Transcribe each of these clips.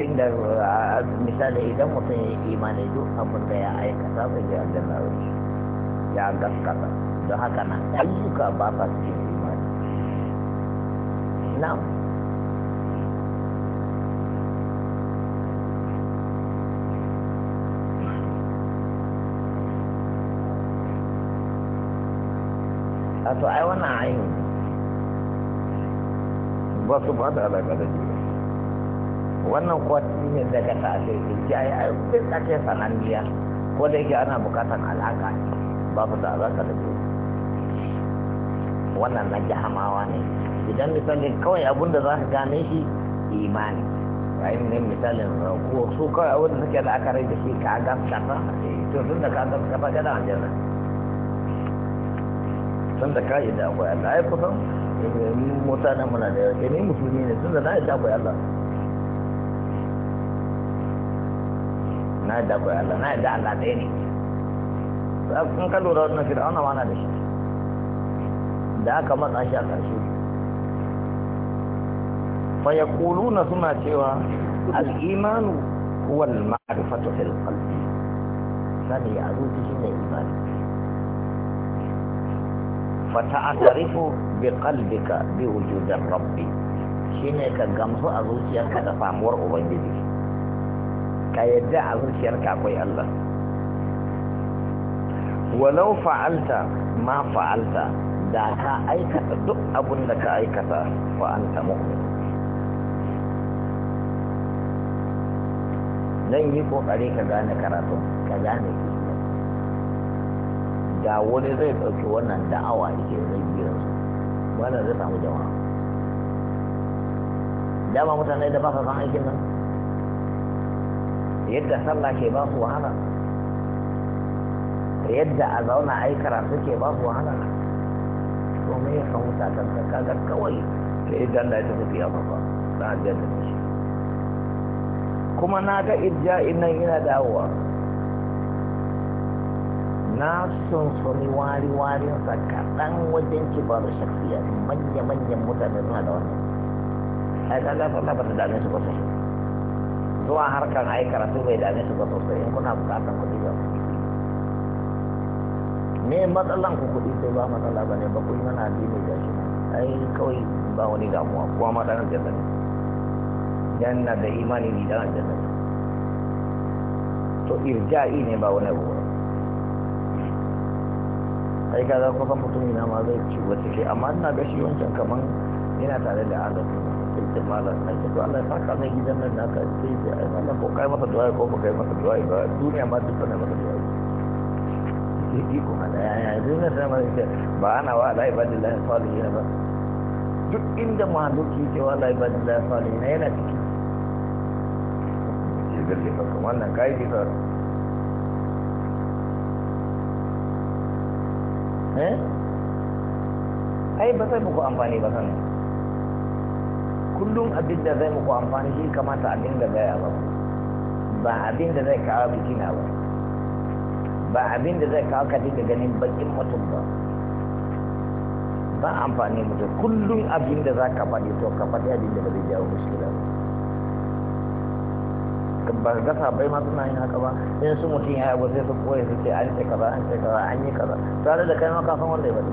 inda misali idan mutum ya yi imani duk abin da ya aikata zai ji aljanna wuce ya gaskata don haka na ayyuka ba sa cikin imani na'am a to ai wannan ainihin ba su ba da alaƙa da wannan kuwa ne daga da ke ai ai duk ake biya ko da yake ana bukatan alaka ba su da alaka da su wannan na jahamawa ne idan misalin kawai abin da za ka gane shi imani bayan ne misalin ko su kawai abin da suke la'akari da shi ka gaskata eh, to tun da ka gaskata ka da wajen aljanna tun da ka yi da akwai Allah ya kusan eh, mutanen muna da yau eh, ne musulmi ne tun da na yi da akwai Allah na yadda akwai Allah na yadda Allah ɗaya ne in ka lura wannan fir'auna ma na da shi da aka matsa shi a ƙarshe fa yaquluna suna cewa al-imanu huwa al-ma'rifatu fil qalbi sani a zuci shine imani fa ta'tarifu bi qalbika bi wujudi rabbi shine ka gamsu a zuciyarka da samuwar ubangiji ka yadda a zuciyarka akwai Allah walau fa'alta ma fa'alta da ka aikata duk abin da ka aikata fa'anta mu'min zan yi kokari ka gane karatu ka gane kishiyar da wani zai ɗauki wannan da'awa ke zai biyar su wannan zai samu jama'a dama mutane da ba sa san aikin nan yadda sallah ke ba su wahala da yadda a zauna ai karatu ke ba su wahala to me ya samu takarka kaga kawai da yadda Allah ya tafi ya ba na aljanna ne shi kuma na ga ija nan ina dawowa na sunsuni wari sa kaɗan wajen kibar shafiya manya-manyan mutane suna da wannan ai kaga sallah ba ta dame su ba sai zuwa harkar ai karatu bai dame su ba sosai in kuna bukatar kuɗi ba me matsalan ku kuɗi sai ba matsala ba ne ba ku imana addini da shi ai kawai ba wani damuwa kuwa ma ɗan aljanna ne janna da imani ni ɗan aljanna ne to irja'i ne ba wani abu ba ai kaga kusan mutum ina ma zai ci wata ke amma ina gashi wancan kamar yana tare da ba sai ce malam na ce to Allah ya saka mai gidan nan naka sai ce ai malam ko kai masa duwaye ko kai masa duwaye ba duniya ma duk tana masa duwaye sai iko ala ya ya duniya ta masa ce ba ana wa ala ibadillahi salihin ba duk inda maluki ce wa ala ibadillahi salihin yana ciki ya galle ka wannan kai bisa eh ai ba sai muku amfani ba sanin kullum abin da zai muku amfani shi kamata abin da zai ba ba abin da zai kawo bikina ba ba abin da zai kawo ka da ganin bakin mutum ba ba amfani mutum kullum abin da za ka faɗi to ka faɗi abin da ba zai jawo mushkila ba ga bai ma suna yin haka ba in su mutum ya yabo sai su koya su ce an ce kaza an ce kaza an yi kaza tare da kai ma kafin wanda ya faɗi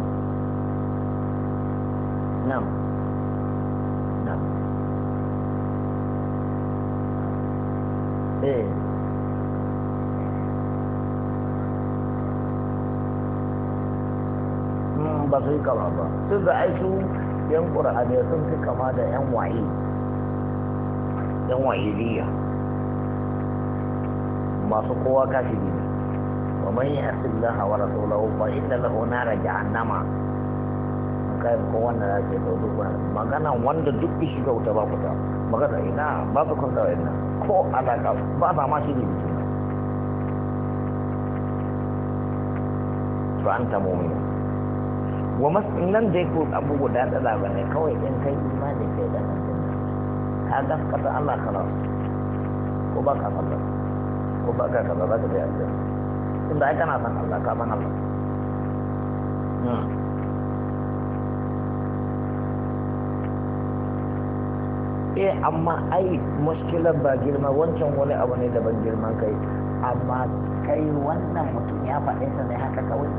na'am Eh. Hmm, ba su yi kama ba sun da aiki yan ƙura'ani sun fi kama da yan waye yan waye biya masu kowa kashi ne ba mai yi asillaha wa rasulahu fa inna lahu nara jahannama wallahi ko wanda ya ce duk wani magana wanda duk ki shiga wuta ba kuta magana ina ba ku kun dawo ina ko alaka ba ba ma shi ne to an ta mu'mina wa mas nan dai ko abu guda da ba ne kawai in kai imani kai da ka gaskata Allah kana ko ba ka Allah ko ba ka kaza ba ka da Allah tunda ai kana san Allah ka san Allah hmm. ɗaya eh, amma ai mushkilar ba girma wancan wani abu ne daban girman kai amma kai wannan mutum ya faɗe sa ne haka kawai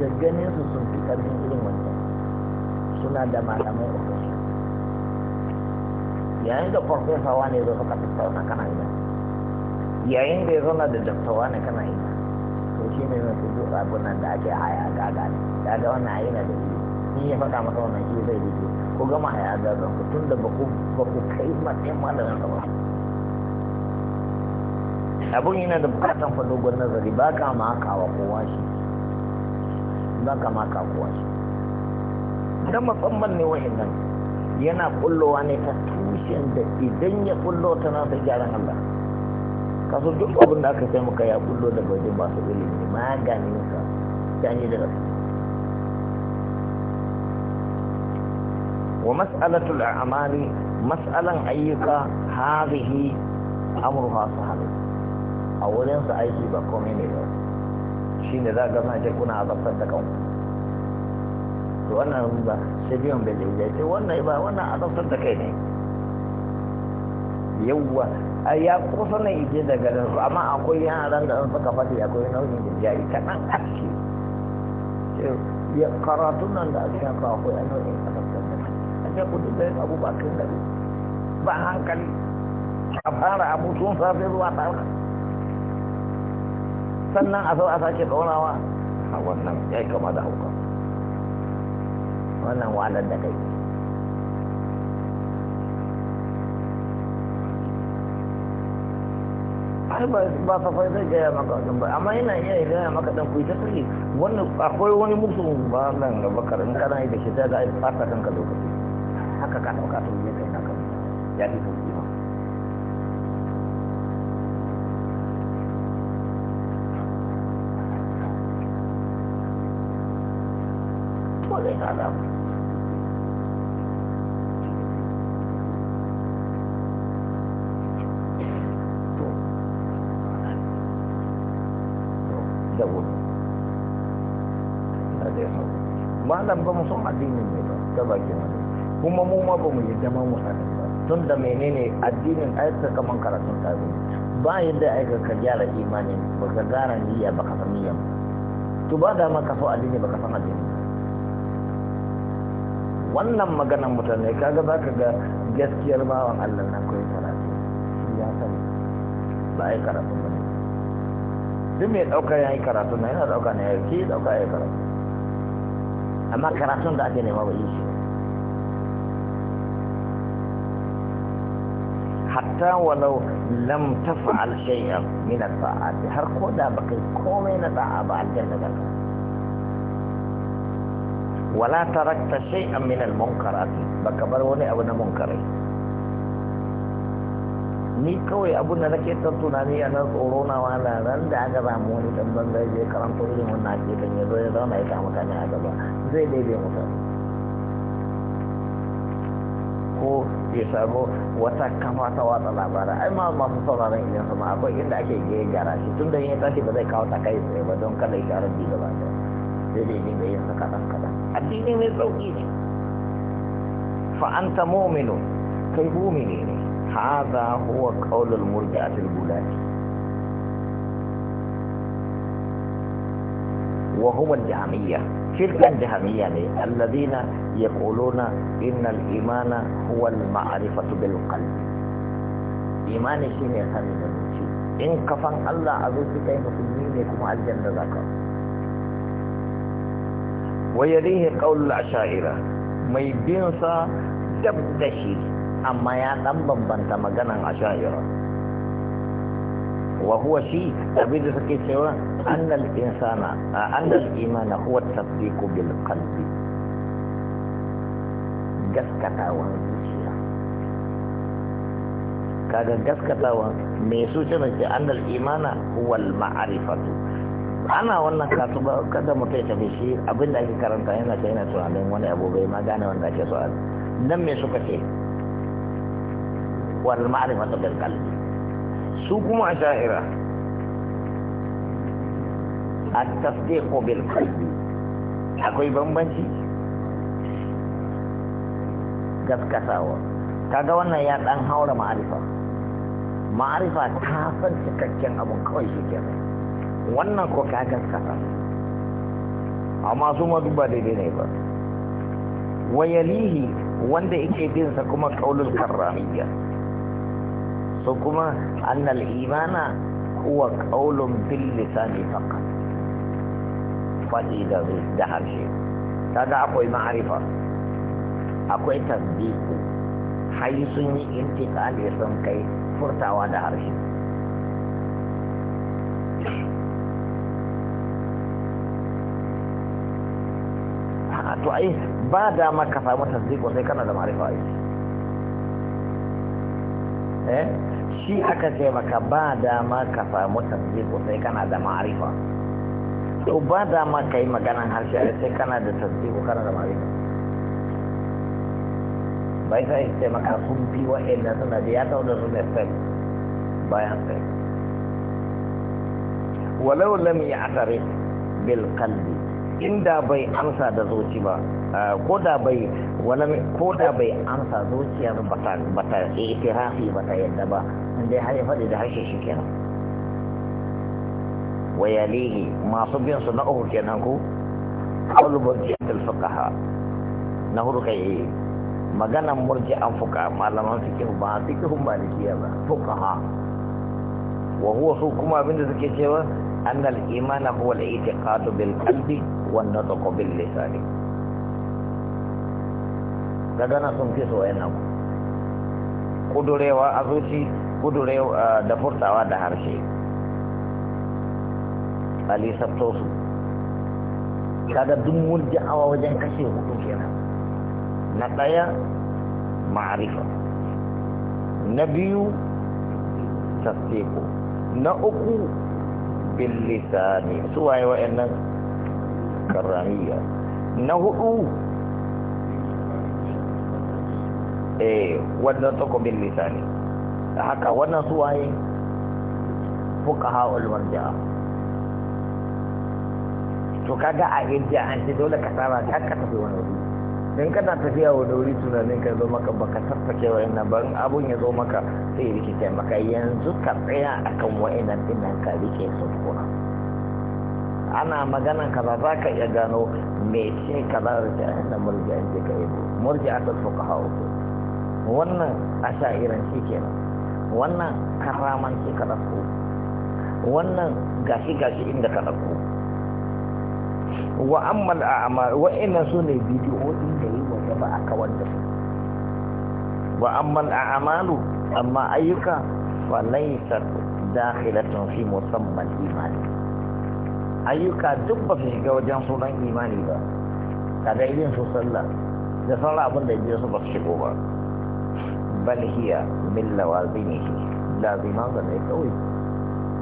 da ganin su sun fi ƙarfin irin wancan suna da malamai ofishi yayin da farfesa wani zo suka tsauna kana ina yayin da ya zauna da daktawa ne kana ina to shi ne mai fi duk abunan da ake haya gaga ne daga wannan ayyana da ni ya faɗa masa wannan shi zai rike ko gama a yaga zan ku tun da ba ku kai matsayin malamin ba abun yana da bukatan fa dogon nazari ba ka ma kawa kowa shi ba ka ma ka kowa shi dan musamman ne wa'annan yana kullowa ne ta tushen da idan ya kullo ta na ta gyaran Allah kaso duk abin da aka sai muka ya kullo da ba su ilimi maganin sa ni da rasu wa mas'alatul a'mali mas'alan ayyuka hadhihi amruha sahal a wurin sa aiki ba komai ne ba shine za ga ma kuna azabtar da kanku to wannan ba sai biyan bai da ce wannan ba wannan azabtar da kai ne yawwa ya kusa na ije daga da su amma akwai yaran da suka fadi akwai nau'in da jari kaɗan aski karatun nan da aka yaka akwai nau'in sai ku duka abu ba kan gari ba hankali a fara abu tun safe zuwa tara sannan a sau a sake tsaunawa a wannan ya yi kama da hauka wannan walar da kai ai ba fa fai zai gaya maka din ba amma yana iya yi gaya maka dan ku ta sani wannan akwai wani musu ba nan ga bakar in kana da shi ta da ai fata kanka lokaci haka ka ɗauka to ne kai naka ya fi sauki ma malam kamu mu son addinin ne ba kuma mu ma ba mu yi zama mu tun da menene addinin aika kaman karatun tabi ba yadda aika ka gyara imanin ba ka gara niyya ba ka san niyya to ba da ma ka fa addini ba ka san addini wannan maganan mutane kaga za ka ga gaskiyar bawan Allah na koyi karatu ya sani ba ai karatu ba duk mai ɗauka ya yi karatu na yana ɗauka na ya ke ɗauka ya yi karatu amma karatun da ake nema ba yi shi hatta walau lam taf'al shay'an min at-ta'at har ko da baka komai na da'a ba aljanna da wala tarakta shay'an min al-munkarat baka bar wani abu na munkarai ni kawai abun da nake ta tunani a nan tsoro na wala ran da aka samu wani dan banza je karanto irin wannan ake kan ya ya zauna ya kama mutane a gaba zai daidai mutane ko ya samu wata kafa ta watsa labarai ai ma masu sauraron idan sama akwai inda ake gaya gyara shi tun da ya tashi ba zai kawo ta kai tsaye ba don kada ya shara bi gaba ɗaya sai dai dinga yin sa kaɗan kaɗan addini mai sauƙi ne fa anta mu'minu kai mu'mini ne hadha huwa qaulul murji'atil bulati wa huwa al-jahmiyah shirkan jahamiyya ne alladina yaquluna innal imana huwa al-ma'rifatu bil qalbi imani shine sanin da zuci in kafan Allah a zuci kai musulmi ne kuma aljanna zaka wa yadihi qawl al-ashaira mai bin sa dab shi amma ya dan bambanta maganan ashaira wa shi abin da suke cewa a الإنسان imana الإيمان هو التصديق بالقلب gaskatawa zuciya kaga gaskatawa mai zuciya na ce annal imana huwal ma'arifatu ana wannan katu ba kada mutum ya tafi shi abinda ake karanta yana ta yana tunanin wani abu bai ma gane wanda ake so nan me suka ce wal ma'arifatu bil qalbi su kuma a sha'ira at-tasdiqu bil qalbi akwai bambanci gaskatawa kaga wannan ya dan haura ma'arifa ma'arifa ta san cikakken abun kawai shi ke wannan ko ka gaskata amma su ma duba daidai ne ba wayalihi wanda yake bin sa kuma qaulul karramiyya so kuma annal imana huwa qaulun bil lisani faqat fadi da da harshe kaga akwai ma'arifa akwai tasbiku hayi sun yi intikali sun kai furtawa da harshe to ai ba da maka samu tasdiku sai kana da ma'arifa ai eh shi aka ce maka ba da maka samu tasdiku sai kana da ma'arifa to ba dama ka yi maganan harshe a sai kana da ko kana da mari bai sa yi sai maka sun wa wa'anda suna da ya tau da su ne bayan sai walau lam ya asare bil kalbi inda bai amsa da zuci ba ko da bai wani ko da bai amsa zuciyar ba ta itirafi ba ta yadda ba inda ya faɗi da harshe shi kenan wa yalihi masu bin su na uku kenan ku qaulul murji'atul fuqaha na hudu kai maganan murji'an fuqa malaman fiqh ba fiqh malikiya ba fuqaha wa huwa su kuma abinda suke cewa annal imana huwa al-i'tiqadu bil qalbi wan nutqu bil kudurewa ah, furtawa da harshe a lissafto su kaga duk murji'awa wajen kashe hudu kenan na daya ma'rifa na biyu tasdiqu na uku bil lisani suwaye wa'annan karramiya na hudu eh wannan ko bil lisani haka wannan suwaye fuqaha ul marja'a to kaga a hijja an ce dole ka saba ta ka tafi wani wuri don kana tafiya wani wuri tunanin ka zo maka baka wa wa'annan ba abun ya zo maka sai rikice maka yanzu ka tsaya akan wa'annan din dinan ka rike su kuma ana maganan kaza za ka iya gano mece kaza da ah, ta murji'a ce ka yi a ta fuka hawa wannan a sha irin shi kenan wannan karaman shi ka ɗauko wannan gashi gashi inda ka ɗauko wa amal a'mal wa inna sunni bidi'o'in da yi wa gaba aka wanda wa amal a'malu amma ayyuka fa laysa dakhilatan fi musamman imani ayyuka duk ba su shiga wajen sunan imani ba kada irin su sallah da sallah abin da ya su ba su shigo ba bal hiya min lawazimihi laziman ga ne kawai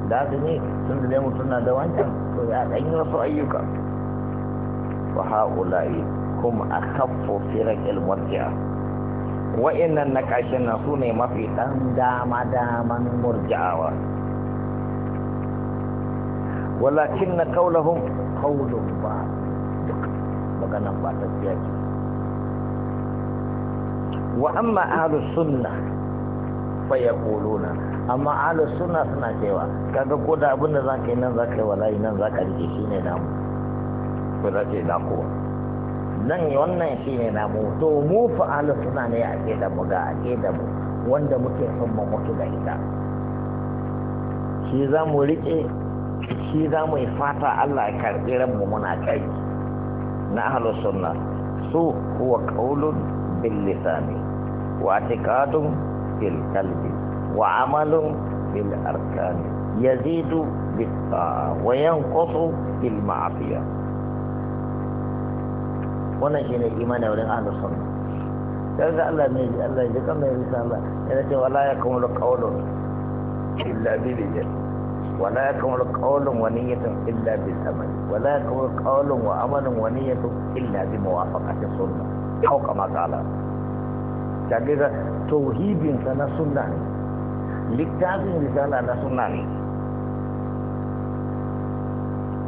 lazimi tun da mutum na da wancan to ya ɗan yi wasu ayyuka wa ha'ula'i kuma a kaffo firar ilmurjiya wa'innan na ƙarshen na su ne mafi ɗan dama daman murji'awa walakin na kaulahun kaulun ba duk maganan ba ta ce wa amma ahlus sunna fa yaquluna amma ahlus sunna suna cewa kaga ko da abin da zaka yi nan zaka yi wallahi nan zaka rike shine namu ba na nan wannan shi ne na mu to mu fa'alu suna ne a ƙeda mu ga a da mu wanda muke son mu mutu da ita shi za mu riƙe shi za mu yi fata Allah ya karɓi mu muna kai na ahlu sunna su huwa qaulun bil lisani wa i'tiqadun bil qalbi wa amalun bil arkani yazidu bit wa yanqutu bil ma'siyah wannan shine imani wurin ahlus sunna dan kaga Allah ne Allah ya kan mai risala yana cewa la yakunu qawlun illa bil amal ولا يكمل قول ونية إلا بالأمل ولا يكمل قول وأمل ونية إلا بموافقة السنة kage كما tauhidin كذلك na sunna ne littafin risala na sunna ne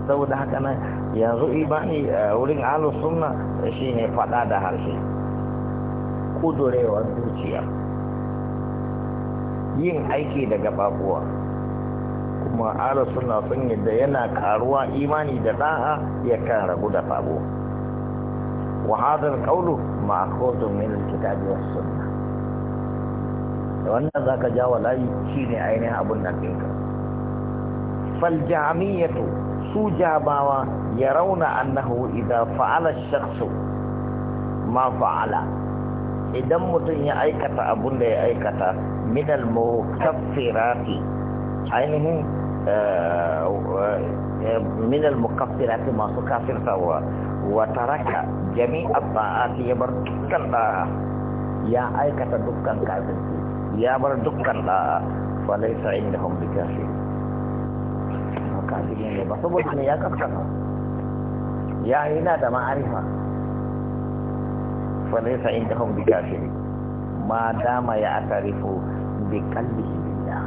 saboda haka na yanzu ibani eh, wurin alu suna shi ne faɗa da harshe kudurewar zuciya yin aiki daga babuwa kuma alu suna sun da yana karuwa imani da da'a ya kan ragu da babu. wa kaulu ma ma'khudun min al-kitabi was Da wannan za zaka wa layi shine ainihin abin da ɗinka fal jami'atu su jabawa ya rauna annahu idan fa'ala shaksu ma fa'ala idan mutum ya aikata abin da ya aikata minal mukaffirati ainihin eh, eh, minal mukaffirati masu kafirtawa wa Jami jami'a ba’ati ya bar dukkan da'a ya aikata dukkan kafirci ya bar dukkan da'a fa inda hombi bikafir kafiri ne ba saboda ne ya kaskata ya yana da ma'arifa fa laysa da bi kafiri ma dama ya atarifu bi qalbihi billah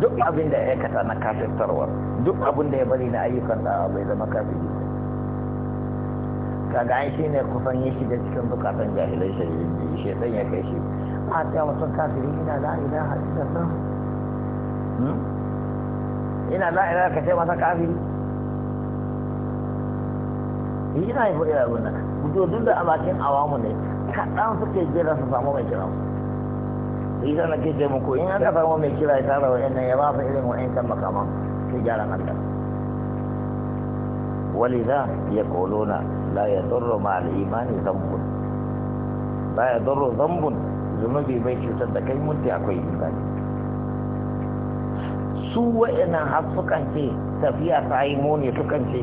duk abin da ya kasa na kafirtarwa duk abin da ya bari na ayyukan da bai zama kafiri kaga ai shine kusan ya shiga cikin bukatan jahilai shari'in shi shedan ya kai shi a ta wasu kafiri ina la ilaha illallah hmm? ina za a ka ce masa kafiri na yi fuɗi ragu nan gudu duk da a bakin awamu ne kaɗan suke jira su samu mai kira su yi zana ke ce muku in aka samu mai kira ya tara wa'in nan ya ba su irin wa'in can makaman su gyara nan da za ya kolona la ya zurro ma al'imani zambun la ya zurro zambun zunubi bai cutar da kai munti akwai imani su wa'ina har ce tafiya ta yi muni sukan ce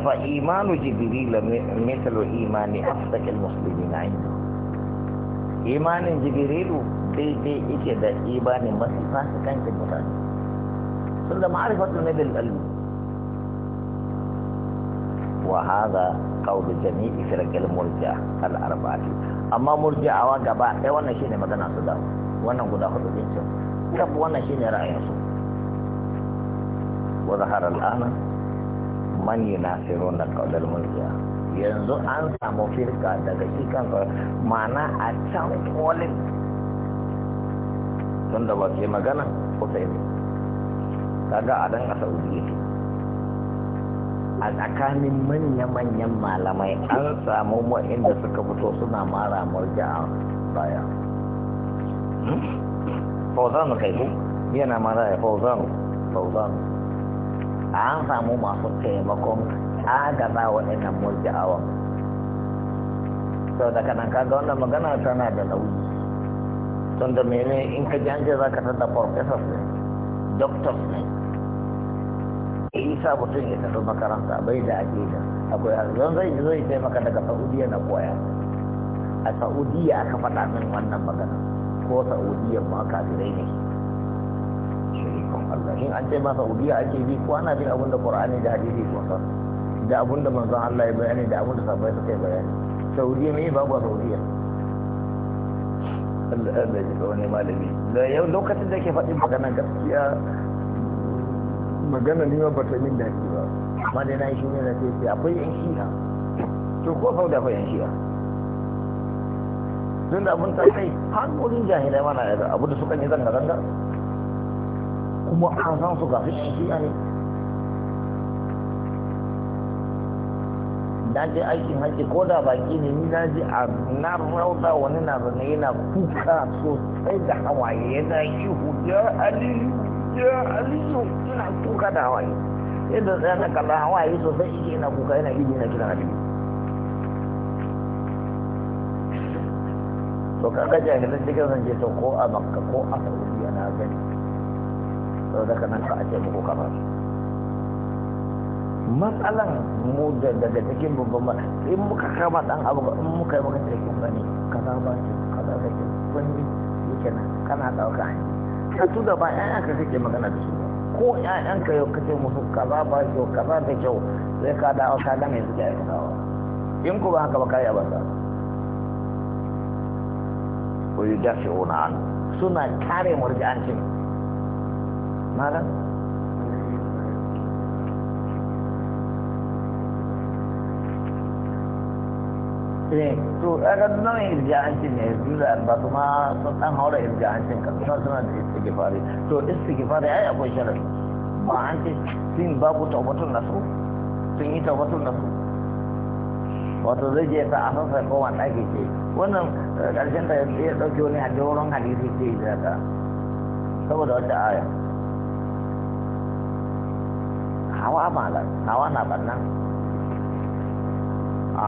fa imanu jibril metalo imani musulmi na yi imanin jibrilu daidai ike da imanin masu fasikancin mutane sun da ma'arifatul nabil qalbi wa hadha qawlu jami'i firqil murji'a al arba'ati amma murji'awa gaba ɗaya wannan shine magana su da wannan guda hudu din wannan shine ra'ayin su وظهر الآن من يناصرون قول الملكية yanzu an samu firka daga shi mana a can kolin tun da ba ke magana kusai ne kaga a dan a saudiya a tsakanin manya-manyan malamai an samu wa'inda suka fito suna mara murja'a baya hmm? fauzanu kai yana mara ya fauzanu fauzanu an samu masu taimakon agaza waɗannan murji'awan sau da kanan kaga wannan magana tana da nauyi tun da mene in ka ji an za ka da professors ne doctors ne isa mutum ya tafi makaranta bai da ake da akwai yanzu zai zai taimaka daga saudiya na koya a saudiya aka faɗa min wannan magana ko saudiya ma kafirai ne Allah in an ce masa Saudiya ake bi ko ana bin abin da Qur'ani da hadisi ko sa da abin da manzon Allah ya bayani da abin da sahabbai suka yi bayani Saudiya me ba Saudiya Allah ya ji wani malami da yau lokacin da yake faɗin magana gaskiya magana ne ba ta min daɗi ba amma dai na yi shi ne da sai akwai yan shi'a to ko sau da akwai yan shi'a tun da abin ta kai har wurin jahilai mana abu da suka yi zanga-zanga kuma an san su ga shi ne na je aikin haji ko da baki ne ni na je a na rauta wani na zane yana kuka sosai da hawaye yana ihu ya aliyu ya aliyu ina kuka da hawaye yadda tsaye na kalla hawaye sosai ike yana kuka yana ihu yana kiran aliyu to kaga jahilin cikin zan to ko a makka ko a saudiya na gani sau daga nan ka ake muku kamar matsalan mu daga cikin babban ba in muka kama dan abu ba in muka yi maka cikin bane za ba ce ka kaza da ke wani yake nan kana dauka ka tu da ba ƴaƴan ka kake magana da su ko ƴaƴan ka yau kace musu ka za ba ce ka za da kyau sai ka dawo ka ga me suke aikatawa in ku ba haka ba kai abasa ko yi yudafi'una an suna kare murji'ancin malam to ɗaga nan irja'ancin ne yanzu ba su ma sun ɗan haura irja'ancin ka suna suna da istigifari to istigifari ai akwai sharar ba an ce sun babu taubatun nasu sun yi taubatun nasu wato zai je ta a san sassa kowa ake ce wannan ƙarshen da ya ɗauke wani a doron hadisi ce da ta saboda wata aya hawa malas hawa nak benang